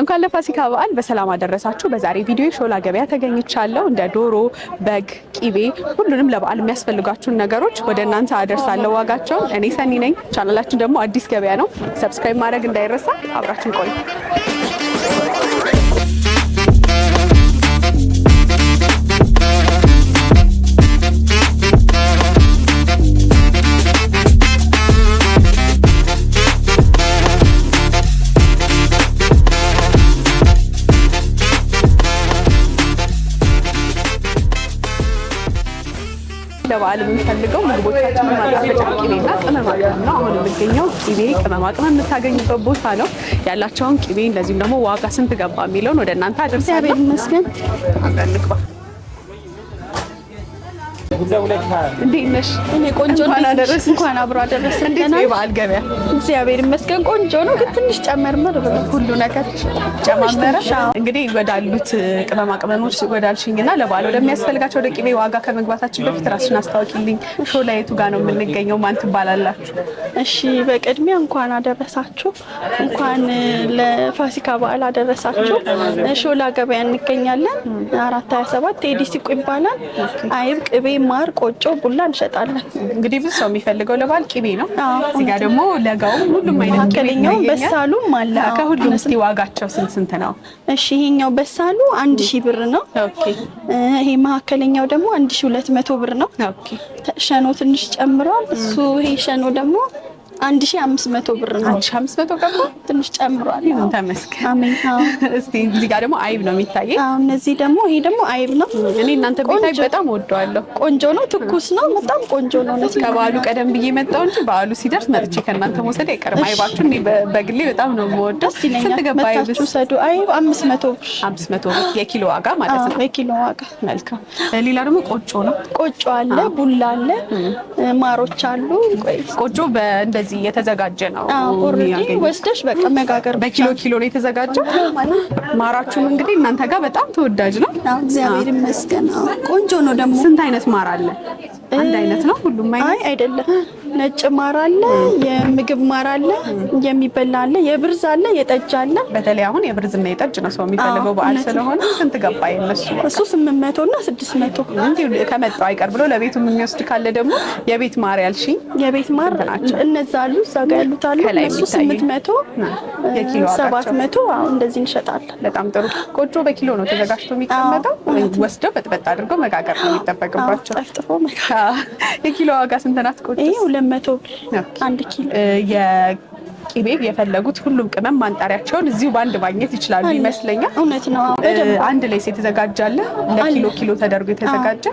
እንኳን ለፋሲካ በዓል በሰላም አደረሳችሁ። በዛሬ ቪዲዮ ሾላ ገበያ ተገኝቻለሁ። እንደ ዶሮ፣ በግ፣ ቂቤ ሁሉንም ለበዓል የሚያስፈልጋችሁን ነገሮች ወደ እናንተ አደርሳለሁ። ዋጋቸውን እኔ ሰኒ ነኝ። ቻናላችን ደግሞ አዲስ ገበያ ነው። ሰብስክራይብ ማድረግ እንዳይረሳ። አብራችን ቆዩ። ለበዓል የምንፈልገው ምግቦቻችንን ማጣፈጫ ቅቤና ቅመማ ቅመም ነው። አሁን የምገኘው ቅቤ ቅመማ ቅመም የምታገኙበት ቦታ ነው። ያላቸውን ቅቤ እንደዚሁም ደግሞ ዋጋ ስንት ገባ የሚለውን ወደ እናንተ አደርሳለሁ። እንዴት ነሽ? እኔ ቆንጆ። እንኳን አብሮ አደረሰን። እንዴት ነው የበዓል ገበያ? እግዚአብሔር ይመስገን ቆንጆ ነው፣ ግን ትንሽ ጨመርመር ሁሉ ነገር ጨማመረ። እንግዲህ ወዳሉት ቅመማ ቅመሞች ወዳልሽኝና ለበዓል ወደሚያስፈልጋቸው ወደ ቅቤ ዋጋ ከመግባታችን በፊት ራስሽን አስታውቂልኝ። ሾላ የቱ ጋር ነው የምንገኘው? ማን ትባላላችሁ? እሺ፣ በቅድሚያ እንኳን አደረሳችሁ፣ እንኳን ለፋሲካ በዓል አደረሳችሁ። ሾላ ገበያ እንገኛለን። አራት ሀያ ሰባት ቴዲ ይባላል። አይብ ቅቤ ማር፣ ቆጮ፣ ቡላ እንሸጣለን። እንግዲህ ብዙ ሰው የሚፈልገው ለበዓል ቅቤ ነው። እዚህ ጋር ደግሞ ለጋው ሁሉም አይነት መካከለኛው በሳሉም አለ። ከሁሉም እስኪ ዋጋቸው ስንት ስንት ነው? እሺ ይሄኛው በሳሉ አንድ ሺህ ብር ነው። ይሄ መካከለኛው ደግሞ አንድ ሺህ ሁለት መቶ ብር ነው። ሸኖ ትንሽ ጨምሯል። እሱ ይሄ ሸኖ ደግሞ አንድ ሺህ አምስት መቶ ብር ነው። አንድ ሺህ አምስት መቶ ገባ፣ ትንሽ ጨምሯል። ተመስገን። አሜን። እስቲ እዚህ ጋር ደግሞ አይብ ነው የሚታየ። እነዚህ ደግሞ ይሄ ደግሞ አይብ ነው። እኔ እናንተ ቤት አይብ በጣም ወደዋለሁ። ቆንጆ ነው፣ ትኩስ ነው፣ በጣም ቆንጆ ነው። ከበዓሉ ቀደም ብዬ መጣሁ እንጂ በዓሉ ሲደርስ መጥቼ ከእናንተ መውሰድ አይቀርም። አይባችሁ እኔ በግሌ በጣም ነው የምወደው። ስንት ገባ አይብ? ሰዱ አይብ አምስት መቶ ብር፣ አምስት መቶ ብር የኪሎ ዋጋ ማለት ነው። የኪሎ ዋጋ። መልካም። ሌላ ደግሞ ቆጮ ነው። ቆጮ አለ፣ ቡላ አለ፣ ማሮች አሉ። ቆጮ በእንደዚህ እንደዚህ የተዘጋጀ ነው ወስደሽ በቃ መጋገር በኪሎ ኪሎ ነው የተዘጋጀው። ማራችሁም እንግዲህ እናንተ ጋር በጣም ተወዳጅ ነው። እግዚአብሔር ይመስገን ቆንጆ ነው። ደግሞ ስንት አይነት ማር አለ? አንድ አይነት ነው ሁሉም አይ አይደለም። ነጭ ማር አለ፣ የምግብ ማር አለ፣ የሚበላ አለ፣ የብርዝ አለ፣ የጠጅ አለ። በተለይ አሁን የብርዝና የጠጅ ነው ሰው የሚፈልገው በዓል ስለሆነ ስንት ገባ የነሱ እሱ ስምንት መቶ እና ስድስት መቶ እንዲሁ ከመጣው አይቀር ብሎ ለቤቱ የሚወስድ ካለ ደግሞ የቤት ማር ያልሽ የቤት ማር ናቸው እነዛ አሉ እዛ ጋ ያሉት አሉ እሱ ስምንት መቶ ሰባት መቶ እንደዚህ እንሸጣለን። በጣም ጥሩ ቆጮ በኪሎ ነው ተዘጋጅቶ የሚቀመጠው። ወስደው በጥበጥ አድርገው መጋገር ነው የሚጠበቅባቸው። ጠፍጥፎ መጋገር የኪሎ ዋጋ ስንት ናት ቆጮ? መቶ አንድ ኪሎ ቅቤ የፈለጉት ሁሉም ቅመም ማንጣሪያቸውን እዚሁ በአንድ ማግኘት ይችላሉ ይመስለኛል። እውነት ነው። አንድ ላይ ሴት ተዘጋጃለ ለኪሎ ኪሎ ተደርጎ የተዘጋጀ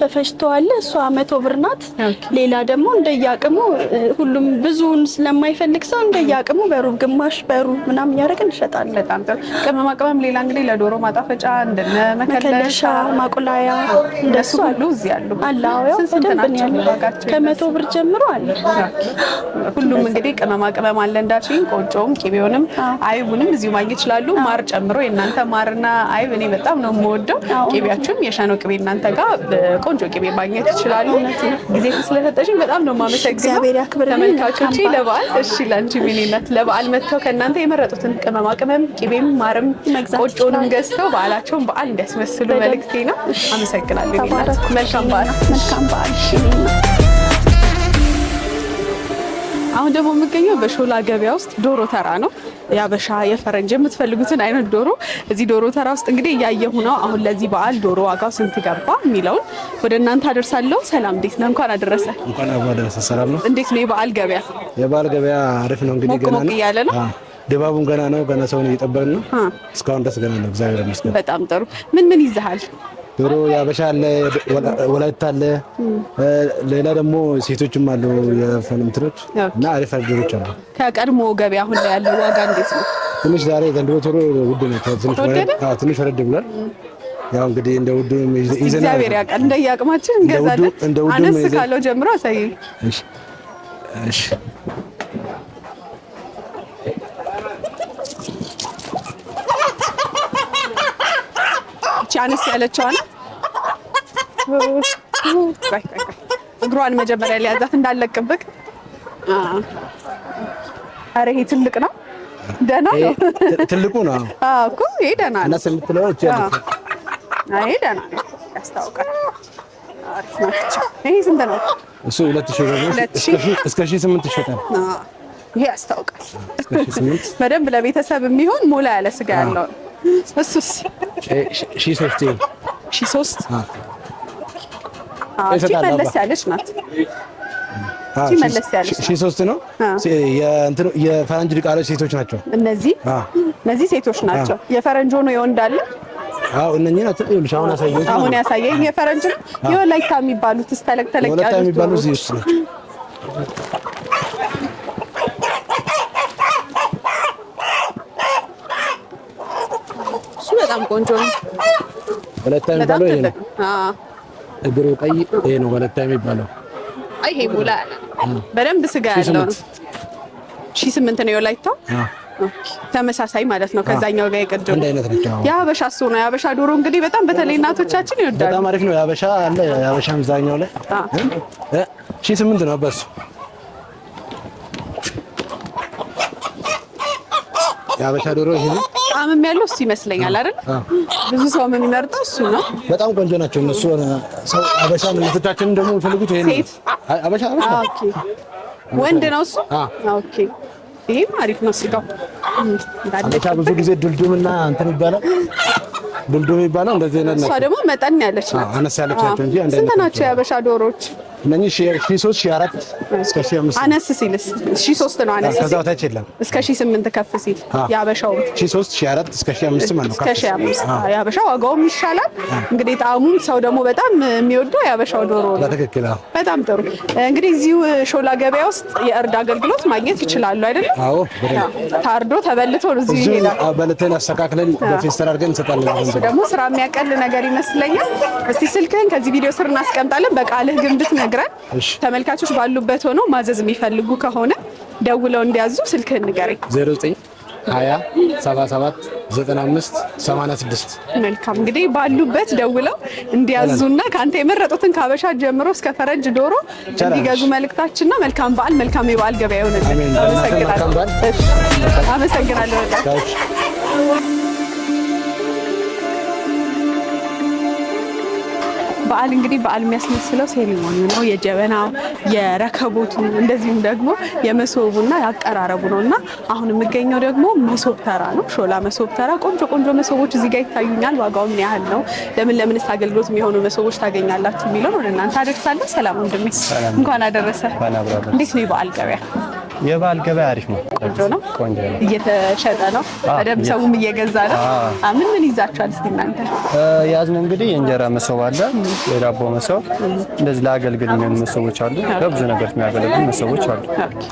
ተፈጭቶ አለ። እሷ መቶ ብር ናት። ሌላ ደግሞ እንደየአቅሙ ሁሉም ብዙውን ስለማይፈልግ ሰው እንደየአቅሙ በሩብ ግማሽ፣ በሩብ ምናምን እያደረግን እንሸጣለን። በጣም ጥሩ ቅመማ ቅመም። ሌላ እንግዲህ ለዶሮ ማጣፈጫ እንደነ መከለሻ፣ ማቆላያ እንደሱ ሁሉ እዚህ አሉ ስንት ናቸው? ከመቶ ብር ጀምሮ አለ። ሁሉም እንግዲህ ቅመማ ቅመም አለ እንዳልሽኝ ቆጮም ቂቤውንም አይቡንም እዚሁ ማግኘት ይችላሉ። ማር ጨምሮ የእናንተ ማርና አይብ እኔ በጣም ነው የምወደው። ቂቤያችሁም የሻኖ ቂቤ እናንተ ጋር ቆንጆ ቅቤ ማግኘት ይችላሉ። ጊዜ ስለሰጠሽኝ በጣም ነው የማመሰግነው። ተመልካቾቼ ለበዓል እሺ፣ ለአንቺ ሚኒነት ለበዓል መጥተው ከእናንተ የመረጡትን ቅመማ ቅመም ቂቤም፣ ማርም ቆጮንም ገዝተው በዓላቸውን በዓል እንዲያስመስሉ መልእክቴ ነው። አመሰግናለሁ። መልካም በዓል። ደግሞ የምገኘው በሾላ ገበያ ውስጥ ዶሮ ተራ ነው። የአበሻ የፈረንጅ የምትፈልጉትን አይነት ዶሮ እዚህ ዶሮ ተራ ውስጥ እንግዲህ እያየሁ ነው። አሁን ለዚህ በዓል ዶሮ ዋጋው ስንት ገባ የሚለውን ወደ እናንተ አደርሳለሁ። ሰላም፣ እንዴት ነው? እንኳን አደረሰ። እንኳን አብሮ አደረሰ። ሰላም ነው። እንዴት ነው የበዓል ገበያ? የበዓል ገበያ አሪፍ ነው። እንግዲህ ገና ነው እያለ ነው ድባቡን ገና ነው። ገና ሰውን እየጠበቅን ነው። እስካሁን ደስ ገና ነው። እግዚአብሔር ይመስገን። በጣም ጥሩ። ምን ምን ይዛሃል? ዶሮ ያበሻ አለ፣ ወላይታ አለ፣ ሌላ ደግሞ ሴቶችም አሉ የፈንምትሮች እና አሪፍ አሪፍ ዶሮች አሉ። ከቀድሞ ገበያ አሁን ላይ ያለው ዋጋ እንዴት ነው? ትንሽ ዛሬ ዘንድሮ ቶሎ ውድ ነው፣ ትንሽ ወረድ ብሏል። ያው እንግዲህ እንደ ውዱ ይዘና እግዚአብሔር ያውቃል። እንደ ያቅማችን እንገዛለን። እንደ ውዱ አነስ ካለው ጀምሮ አሳየኝ። እሺ እሺ አነስ ያለችው እግሯን መጀመሪያ ሊያዛት እንዳለቅብክ። አረ ይሄ ትልቅ ነው። ደና ነው ትልቁ ነው እኮ ይሄ ደና ነው። እነሱ የምትለው እቺ አይ ደህና ነው ያስታውቃል። ይሄ ስንት ነው? እሱ ሁለት ሺህ ነው። እስከ ሺህ ስምንት ይሸጣል። ይሄ ያስታውቃል። በደንብ ለቤተሰብ የሚሆን ሞላ ያለ ስጋ ያለው እሱስ ሺህ ሶስት ሺህ ሶስት መለስ ያለች ናት። ሺህ ሦስት ነው። የፈረንጅ ድቃሎች ሴቶች ናቸው። እነዚህ እነዚህ ሴቶች ናቸው። የፈረንጅ ሆኖ የወንድ አለ። አዎ እነኚህ ናቸው። ይኸውልሽ አሁን ያሳየኝ አሁን ያሳየኝ የፈረንጅ ነው። የወላይታ የሚባሉት ተለቅ ተለቅ ያሉት የሚባሉት እዚህ ውስጥ ናቸው። እሱ በጣም ቆንጆ ነው። ወላይታ የሚባለው ይሄ ነው። እግሩ ቀይ ይሄ ነው ወለታ የሚባለው። አይ ይሄ ሙላ በደንብ ስጋ ያለው ነው። ሺህ ስምንት ነው የወላይታው። ተመሳሳይ ማለት ነው ከዛኛው ጋር የቀደሙ የሀበሻ እሱ ነው። የሀበሻ ዶሮ እንግዲህ በጣም በተለይ እናቶቻችን ይወዳሉ። በጣም አሪፍ ነው። የሀበሻ አለ የሀበሻ ምዛኛው ላይ ሺህ ስምንት ነው አባሱ የሀበሻ ዶሮ ይሄ ነው። ጣምም ያለው እሱ ይመስለኛል አይደል? ብዙ ሰው የሚመርጠው እሱ ነው። በጣም ቆንጆ ናቸው እነሱ። ሰው አበሻ እናቶቻችንም ደግሞ የሚፈልጉት ይሄ አበሻ አበሻ። ኦኬ ወንድ ነው እሱ። ኦኬ ይሄም አሪፍ ነው። ስጋው አበሻ ብዙ ጊዜ ድልዱምና እንትን ይባላል ዱልዱም ይባላል። እንደዚህ አይነት ነው። እሷ ደግሞ መጠን ያለች ናት። አነስ ያለች ናቸው እንጂ አንድ አይነት ናቸው። የአበሻ ዶሮዎች እነኚህ ሺህ ሺህ ሦስት ሺህ አራት እስከ ሺህ አምስት አነስ ሲልስ ሺህ ሦስት ነው። አነስ ሲል ከዛ በታች የለም። እስከ ሺህ ስምንት ከፍ ሲል ያበሻው ሺህ ሦስት ሺህ አራት እስከ ሺህ አምስት ማለት ነው። እስከ ሺህ አምስት ያበሻው ዋጋውም ይሻላል። እንግዲህ ጣዕሙም ሰው ደግሞ በጣም የሚወደው ያበሻው ዶሮ ነው። ትክክል። በጣም ጥሩ። እንግዲህ እዚሁ ሾላ ገበያ ውስጥ የእርድ አገልግሎት ማግኘት ይችላሉ አይደለም? አዎ። ታርዶ ተበልቶ እዚሁ ይሄዳል። በልተን አስተካክለን በፌስተር አድርገን እንሰጣለን። እሱ ደግሞ ስራ የሚያቀል ነገር ይመስለኛል። እስቲ ስልክህን ከዚህ ቪዲዮ ስር እናስቀምጣለን። በቃልህ ግንብት ነው ነግረን ተመልካቾች ባሉበት ሆነው ማዘዝ የሚፈልጉ ከሆነ ደውለው እንዲያዙ ስልክህን ንገረኝ። 86 መልካም እንግዲህ ባሉበት ደውለው እንዲያዙና ከአንተ የመረጡትን ከሀበሻ ጀምሮ እስከ ፈረንጅ ዶሮ እንዲገዙ መልእክታችንና መልካም በዓል መልካም የበዓል ገበያ ይሆንልን። አመሰግናለሁ። በዓል እንግዲህ በዓል የሚያስመስለው ሴሪሞኒ ነው። የጀበናው የረከቦቱ፣ እንደዚሁም ደግሞ የመሶቡና ያቀራረቡ ነው እና አሁን የሚገኘው ደግሞ መሶብ ተራ ነው። ሾላ መሶብ ተራ። ቆንጆ ቆንጆ መሶቦች እዚህ ጋር ይታዩኛል። ዋጋው ምን ያህል ነው? ለምን ለምንስ አገልግሎት የሚሆኑ መሶቦች ታገኛላችሁ የሚለውን ወደ እናንተ አደርሳለሁ። ሰላም ወንድሜ፣ እንኳን አደረሰ። እንዴት ነው የበዓል ገበያ? የበዓል ገበያ አሪፍ ነው። ቆንጆ ነው፣ ቆንጆ ነው። እየተሸጠ ነው፣ በደምብ ሰውም እየገዛ ነው። ምን ምን ይዛችኋል እስቲ እናንተ? ያዝን እንግዲህ የእንጀራ መሶብ አለ፣ የዳቦ መሶብ፣ እንደዚህ ለአገልግል የሚሆኑ መሶቦች አሉ፣ ለብዙ ነገር የሚያገለግሉ መሶቦች አሉ።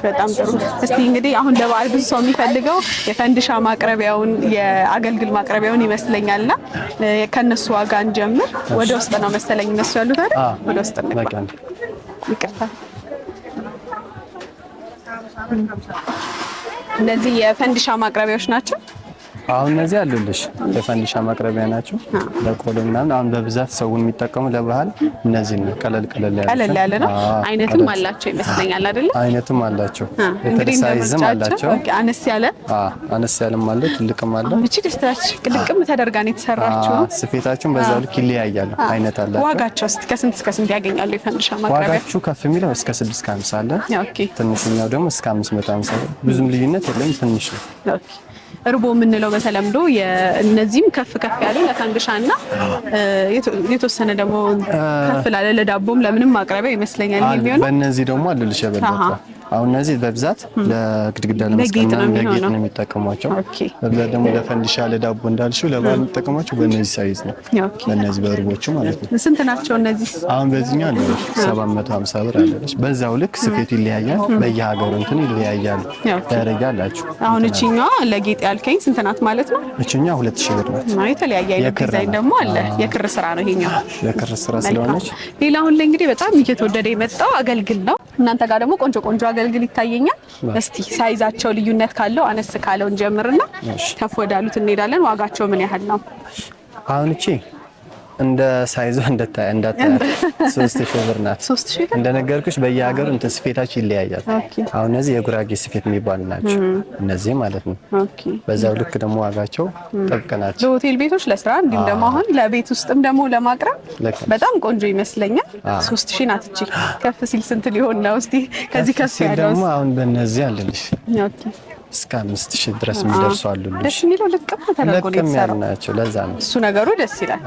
በጣም ጥሩ። እስቲ እንግዲህ አሁን ለበዓል ብዙ ሰው የሚፈልገው የፈንድሻ ማቅረቢያውን የአገልግል ማቅረቢያውን ይመስለኛልና ከነሱ ዋጋ እንጀምር። ወደ ውስጥ ነው መሰለኝ እነሱ ያሉት አይደል? ወደ ውስጥ ነው ይቀርታል እነዚህ የፈንዲሻ ማቅረቢያዎች ናቸው። አሁን እነዚህ አሉልሽ ለፈንዲሻ ማቅረቢያ ናቸው። ለቆሎ ምናምን አሁን በብዛት ሰውን የሚጠቀሙ ለባህል እነዚህ ነው። ቀለል ቀለል ያለ ቀለል ያለ ነው። አይነትም አላቸው ይመስለኛል አይደል? አይነትም አላቸው፣ እንግዲህ ሳይዝም አላቸው። አነስ ያለ አነስ ያለም አለ፣ ትልቅም አለ። እቺ ደስታች ቅልቅም ተደርጋ ነው የተሰራችው። ስፌታችሁን በዛው ልክ ይለያያል፣ አይነት አላቸው። ዋጋቸው እስከ ስንት እስከ ስንት ያገኛሉ? የፈንዲሻ ማቅረቢያ ዋጋቸው ከፍ የሚለው እስከ 650 አለ። ኦኬ። ትንሽኛው ደግሞ እስከ 550። ብዙም ልዩነት የለም፣ ትንሽ ነው። ኦኬ እርቦ የምንለው በተለምዶ እነዚህም ከፍ ከፍ ያሉ ለፈንግሻ እና የተወሰነ ደግሞ ከፍ ላለ ለዳቦም ለምንም ማቅረቢያ ይመስለኛል የሚሆነው። በእነዚህ ደግሞ አልልሽ አሁን እነዚህ በብዛት ለግድግዳ ለመስቀልና ለጌጥ ነው የሚጠቀሟቸው። በብዛት ደግሞ ለፈንዲሻ፣ ለዳቦ እንዳልሽው ለባል የሚጠቀሟቸው በእነዚህ ሳይዝ ነው፣ በእነዚህ በእርቦቹ ማለት ነው። ስንት ናቸው እነዚህ? አሁን በዚህኛው አለ 750 ብር አለች። በዛው ልክ ስፌቱ ይለያያል፣ በየሀገሩ እንትን ይለያያል። ደረጃ አላችሁ። አሁን እችኛዋ ለጌጥ ያልከኝ ስንት ናት ማለት ነው? እችኛዋ 2000 ብር ናት። የተለያየ አይነት ዲዛይን ደግሞ አለ። የክር ስራ ነው ይሄኛው፣ የክር ስራ ስለሆነች ሌላ አሁን ላይ እንግዲህ በጣም እየተወደደ የመጣው አገልግል ነው። እናንተ ጋር ደግሞ ቆንጆ ቆንጆ አገልግል ይታየኛል። እስቲ ሳይዛቸው ልዩነት ካለው አነስ ካለውን ጀምርና ከፍ ወዳሉት እንሄዳለን። ዋጋቸው ምን ያህል ነው? አሁን እቺ እንደ ሳይዟ እንደታያት ሶስት ሺህ ብር ናት። እንደነገርኩሽ በየሀገሩ እንትን ስፌታችን ይለያያል። አሁን እነዚህ የጉራጌ ስፌት የሚባሉ ናቸው እነዚህ ማለት ነው። በዛው ልክ ደግሞ ዋጋቸው ጥብቅ ናቸው። ለሆቴል ቤቶች ለስራ እንዲሁም ደግሞ አሁን ለቤት ውስጥም ደግሞ ለማቅረብ በጣም ቆንጆ ይመስለኛል። ሶስት ሺህ ናት። እቺ ከፍ ሲል ስንት ሊሆን ነው? እስቲ ከዚህ ከፍ ያለው ደግሞ አሁን በእነዚህ አለልሽ እስከ አምስት ሺህ ድረስ የሚደርሱ አሉልሽ። ደስ የሚለው ልቅም ተደርጎ ነው የተሰራው። ልቅም ለዛ ነው እሱ ነገሩ ደስ ይላል።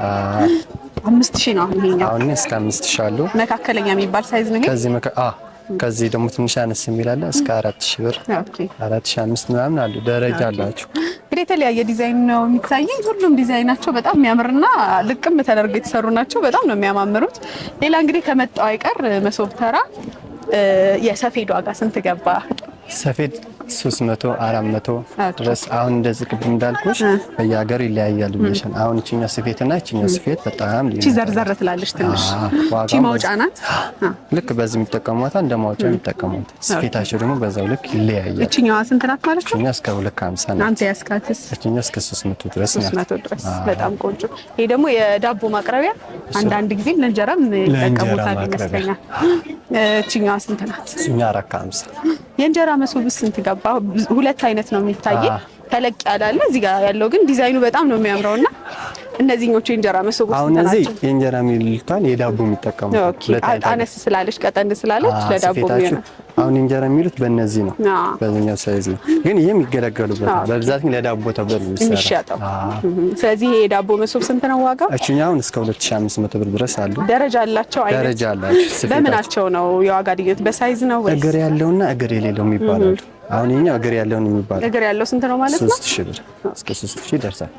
አምስት ሺህ ነው። አሁን ይሄኛው እስከ አምስት ሺህ አሉ። መካከለኛ የሚባል ሳይዝ ነው። ከዚህ መካ ከዚህ ደግሞ ትንሽ አነስ የሚላለ እስከ አራት ሺህ ብር አራት ሺህ አምስት ምናምን አሉ። ደረጃ አላቸው። እንግዲህ የተለያየ ዲዛይን ነው የሚታየኝ። ሁሉም ዲዛይናቸው በጣም የሚያምርና ልቅም ተደርገው የተሰሩ ናቸው። በጣም ነው የሚያማምሩት። ሌላ እንግዲህ ከመጣው አይቀር መሶብ ተራ የሰፌድ ዋጋ ስንት ገባ? ሰፌድ ሶስት መቶ አራት መቶ ድረስ አሁን እንደዚህ ቅድም እንዳልኩሽ በየሀገሩ ይለያያሉ ብለሻል። አሁን ይችኛው ስፌት እና ይችኛው ስፌት በጣም ዘርዘር ትላለች ትንሽ ማውጫ ናት። ልክ በዚህ የሚጠቀሟት እንደ ማውጫ የሚጠቀሟት ስፌታቸው ደግሞ በዛው ልክ ይለያያል። ይችኛዋ ስንት ናት ማለት ነው? ይችኛው እስከ ሁለት ከሀምሳ ናት። አንተ ያስካትስ ይችኛው እስከ ሶስት መቶ ድረስ ናት። በጣም ቆንጆ። ይሄ ደግሞ የዳቦ ማቅረቢያ አንዳንድ ጊዜም ለእንጀራም ይጠቀሙታል ይመስለኛል። ይችኛዋ ስንት ናት? ይችኛው አራት ከሀምሳ የእንጀራ መሶብ ስንት ገባ? ሁለት አይነት ነው የሚታየ ተለቅ ያላለ እዚህ ጋር ያለው ግን ዲዛይኑ በጣም ነው የሚያምረው እና እነዚህኞቹ የእንጀራ መሶቦች አሁን እዚህ የእንጀራ የሚልቷን የዳቦ የሚጠቀሙ አነስ ስላለች ቀጠን ስላለች ለዳቦ ነው አሁን እንጀራ የሚሉት በእነዚህ ነው፣ በዚህኛው ሳይዝ ነው። ግን ይህም ይገለገሉበታል። በብዛት ግን ለዳቦ ተብሎ ነው የሚሸጠው። ስለዚህ ይሄ የዳቦ መሶብ ስንት ነው ዋጋው? እችኛው አሁን እስከ 2500 ብር ድረስ አሉ። ደረጃ አላቸው። አይ ደረጃ አላቸው። በምናቸው ነው የዋጋ ልዩነት? በሳይዝ ነው ወይስ እግር ያለውና እግር የሌለው የሚባለው? አሁን ይኸኛው እግር ያለውን የሚባለው እግር ያለው ስንት ነው ማለት ነው? 3000 ብር እስከ 3000 ይደርሳል።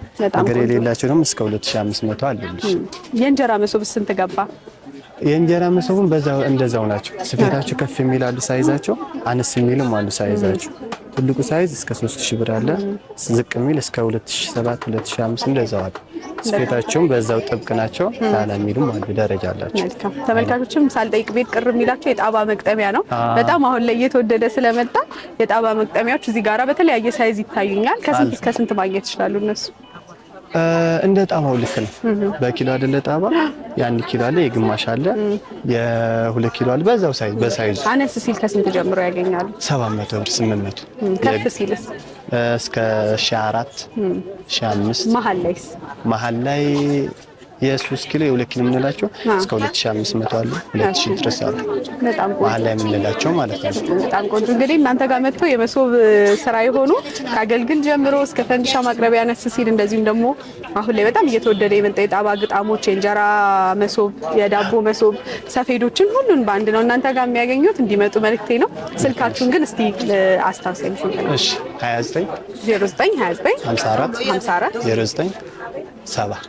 እግር የሌላቸው ደግሞ እስከ 2500 አለ። የእንጀራ መሶብ ስንት ገባ? የእንጀራ መሶቡን በዛው እንደዛው ናቸው። ስፌታቸው ከፍ የሚል አሉ፣ ሳይዛቸው አነስ የሚልም አሉ። ሳይዛቸው ትልቁ ሳይዝ እስከ 3000 ብር አለ፣ ዝቅ የሚል እስከ 2007 2005 እንደዛው አለ። ስፌታቸውም በዛው ጥብቅ ናቸው፣ ላላ የሚሉም አሉ፣ ደረጃ አላቸው። ተመልካቾችም ሳልጠይቅ ቤት ቅር የሚላቸው የጣባ መቅጠሚያ ነው። በጣም አሁን ላይ እየተወደደ ስለመጣ የጣባ መቅጠሚያዎች እዚህ ጋራ በተለያየ ሳይዝ ይታዩኛል። ከስንት እስከ ስንት ማግኘት ይችላሉ እነሱ? እንደ ጣባው ልክ ነው። በኪሎ አይደለ ጣባ ያን ኪሎ አለ፣ የግማሽ አለ፣ የሁለት ኪሎ አለ። በዛው ሳይዝ በሳይዙ አነስ ሲል ከስንት ጀምሮ ያገኛሉ? 700 ብር 800 ከፍ ሲልስ እስከ 1400 1500 መሀል ላይ የሶስት ኪሎ የሁለት ኪሎ የምንላቸው እስከ 2500 አሉ፣ 2000 ድረስ አሉ። በጣም ቆንጆ መሀል ላይ የምንላቸው ማለት ነው። በጣም ቆንጆ እንግዲህ እናንተ ጋር መጥቶ የመሶብ ስራ የሆኑ ከአገልግል ጀምሮ እስከ ፈንዲሻ ማቅረቢያ ነስ ሲል እንደዚሁም ደግሞ አሁን ላይ በጣም እየተወደደ የመጣ የጣባ ግጣሞች፣ የእንጀራ መሶብ፣ የዳቦ መሶብ፣ ሰፌዶችን ሁሉን በአንድ ነው እናንተ ጋር የሚያገኙት። እንዲመጡ መልክቴ ነው። ስልካችሁን ግን እስቲ አስታውሰኝ። እሺ 29 09 54 54 09 7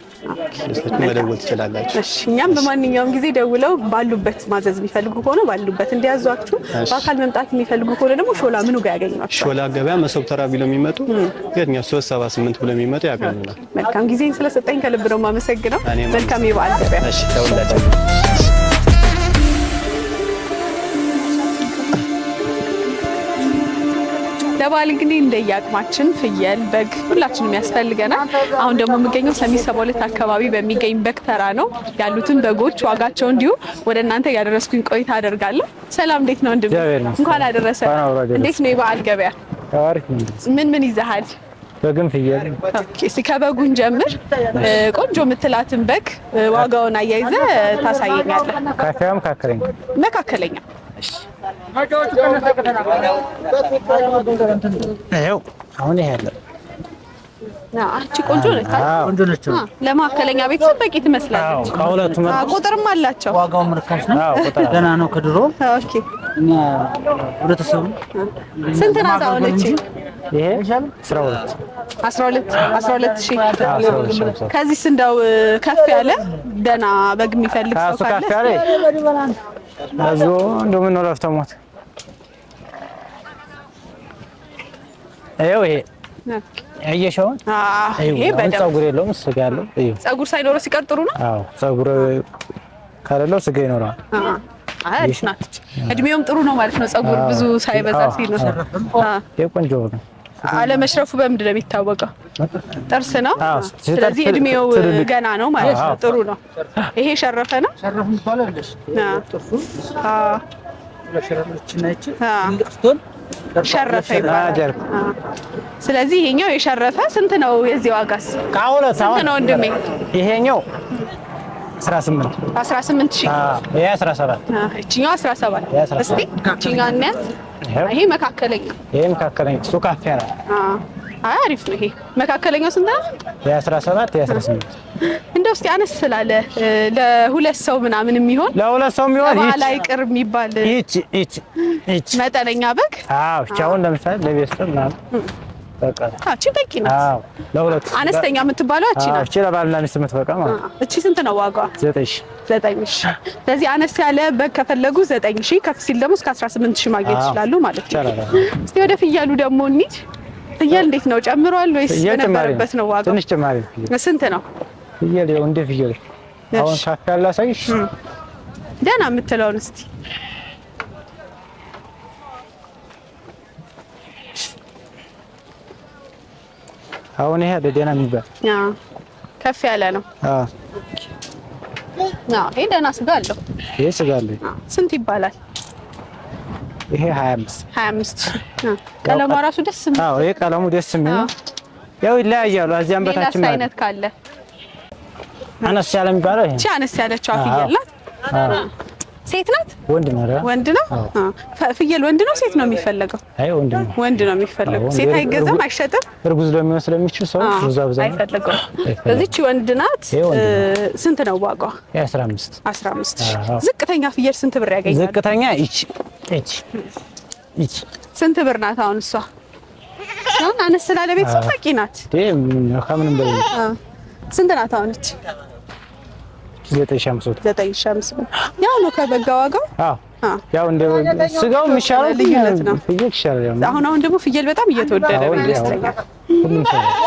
መደወል ትችላላችሁ። እኛም በማንኛውም ጊዜ ደውለው ባሉበት ማዘዝ የሚፈልጉ ከሆነ ባሉበት እንዲያዟችሁ፣ በአካል መምጣት የሚፈልጉ ከሆነ ደግሞ ሾላ ምኑ ጋር ያገኟቸው? ሾላ ገበያ መሶብ ተራ ቢለው የሚመጡ የትኛው ስምንት ብሎ የሚመጡ ያገኙናል። መልካም ጊዜን ስለሰጠኝ ከልብ ነው የማመሰግነው። መልካም የበዓል ገበያ ለበዓል እንግዲህ እንደየአቅማችን ፍየል፣ በግ ሁላችንም ያስፈልገናል። አሁን ደግሞ የሚገኘው ሰሚት ሰባ ሁለት አካባቢ በሚገኝ በግ ተራ ነው ያሉትን በጎች ዋጋቸው እንዲሁ ወደ እናንተ እያደረስኩኝ ቆይታ አደርጋለሁ። ሰላም፣ እንዴት ነው ወንድሜ? እንኳን አደረሰ። እንዴት ነው የበዓል ገበያ? ምን ምን ይዘሃል? በግም ፍየል። እስኪ ከበጉን ጀምር። ቆንጆ የምትላትን በግ ዋጋውን አያይዘ ታሳየኛለህ። መካከለኛ መካከለኛ አሁን ይሄ ያለ አንቺ ቆንጆ ነች። ቆንጆ ነች። ለማዕከለኛ ቤተሰብ በቂ ትመስላለች። ከሁለቱ ቁጥርም አላቸው። ዋጋውም ርካሽ ነው። ደህና ነው ከድሮ። ህብረተሰቡ ስንት ናት አሁን? እቺ ይሄ 12 ከፍ ያለ ደህና በግ የሚፈልግ ሰው ካለ አዞ እንደው ምን ነው ሞት ይሄ ፀጉር የለውም ስጋ ያለው ሳይኖረው ሲቀር ጥሩ ነው። አዎ ከሌለው ስጋ ይኖረዋል። እድሜውም ጥሩ ነው ማለት ነው። ፀጉር ብዙ ሳይበዛ ሲኖር የቆንጆ ነው። አለመሽረፉ በምንድን ነው የሚታወቀው? ጥርስ ነው። ስለዚህ እድሜው ገና ነው ማለት ነው። ጥሩ ነው። ይሄ ሸረፈ ነው። ሸረፈ ይባላል። ስለዚህ ይሄኛው የሸረፈ ስንት ነው? የዚህ ዋጋስ ስንት ነው ወንድሜ? ይሄኛው 18 18 ሺህ ይሄ 17 እቺኛው 17 እስቲ እቺኛው እናያት። ይሄ መካከለኛ ይሄ መካከለኛ እሱ ካፌ ነው። አይ አሪፍ ነው። ይሄ መካከለኛው ስንት ነው? የ17 የ18 እንደው እስቲ አነስ ስላለ ለሁለት ሰው ምናምን የሚሆን ለሁለት ሰው የሚሆን ይሄ ላይ ቅር የሚባል ይሄ ይሄ መጠነኛ በግ አዎ ብቻውን ለምሳሌ ለቤተሰብ ምናምን አነስተኛ የምትባለው ለባልና ሚስት የምትበቃ ማለት ነው። እቺ ስንት ነው ዋጋዋ? ዘጠኝ ሺህ ዘጠኝ ሺህ ስለዚህ አነስ ያለ በግ ከፈለጉ ዘጠኝ ሺህ ከፍ ሲል ደግሞ እስከ 18 ሺህ ማግኘት ይችላሉ ማለት ነው። እስቲ ወደ ፍየሉ ደግሞ እንሂድ። ፍየል እንዴት ነው ጨምሯል ወይስ በነበረበት ነው ዋጋው? ትንሽ ጨማሪ ነው። ስንት ነው ፍየል? እንደ ፍየል አሁን ካፍ ያላሳይሽ ደህና የምትለውን እስቲ አሁን ይሄ አለ ደህና የሚባል ከፍ ያለ ነው። ይሄ ደህና ስጋ አለው። ይሄ ስጋ አለው። ስንት ይባላል? ይሄ 25 25 ቀለሙ ራሱ ደስ የሚል አዎ፣ ይሄ ቀለሙ ደስ የሚል ያው ይለያያሉ። እዚያም በታች ማለት አይነት ካለ አነስ ያለ የሚባለው ይሄ አነስ ያለችው ይላል። አዎ ሴት ናት? ወንድ ነው። ወንድ ነው። ፍየል ወንድ ነው። ሴት ነው የሚፈለገው? አይ ወንድ ነው። ወንድ ነው የሚፈለገው። ሴት አይገዛም፣ አይሸጥም። እርጉዝ ለሚሆን ስለሚችል ሰው ብዙ ብዛ አይፈልገው። እዚች ወንድ ናት። ስንት ነው ዋጋ? 15 15 ዝቅተኛ ፍየል ስንት ብር ያገኛል? ዝቅተኛ እቺ እቺ እቺ ስንት ብር ናት አሁን እሷ? አሁን አነስ ስላለ ቤተሰብ በቂ ናት። ከምንም በላይ ስንት ናት አሁን እቺ? ዘጠኝ ሺህ አምስት መቶ ዘጠኝ ሺህ አምስት መቶ ያው ነው ከበጋ ዋጋው። አዎ ያው እንደ ስጋው የሚሻለው ልዩነት ነው። ፍየል ይሻላል። አሁን አሁን ደግሞ ፍየል በጣም እየተወደደ ነው ይመስለኛል።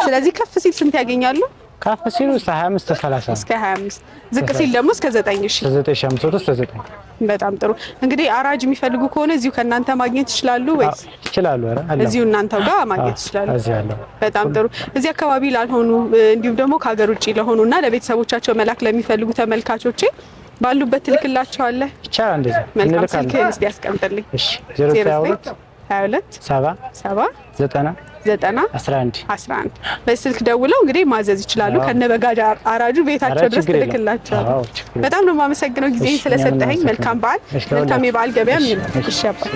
ስለዚህ ከፍ ሲል ስንት ያገኛሉ? ከፍ ሲሉ እስከ 25 እስከ 30 እስከ 25 ዝቅ ሲል ደግሞ እስከ 9000 9500 እስከ 9 በጣም ጥሩ እንግዲህ አራጅ የሚፈልጉ ከሆነ እዚሁ ከእናንተ ማግኘት ይችላሉ ወይስ ይችላሉ አረ እዚሁ እናንተው ጋር ማግኘት ይችላሉ በጣም ጥሩ እዚህ አካባቢ ላልሆኑ እንዲሁም ደግሞ ከሀገር ውጭ ለሆኑ እና ለቤተሰቦቻቸው መላክ ለሚፈልጉ ተመልካቾች ባሉበት ትልክላቸዋለህ ይቻላል እንደዚህ መልካም ስልክ እስቲ ያስቀምጥልኝ እሺ 022 22 7 7 90 ዘጠና አስራ አንድ በስልክ ደውለው እንግዲህ ማዘዝ ይችላሉ። ከነ በጋዥ አራጁ ቤታቸው ድረስ ትልክላቸዋል። በጣም ነው የማመሰግነው ጊዜ ስለሰጠኸኝ። መልካም በዓል፣ መልካም የበዓል ገበያ ይሸባል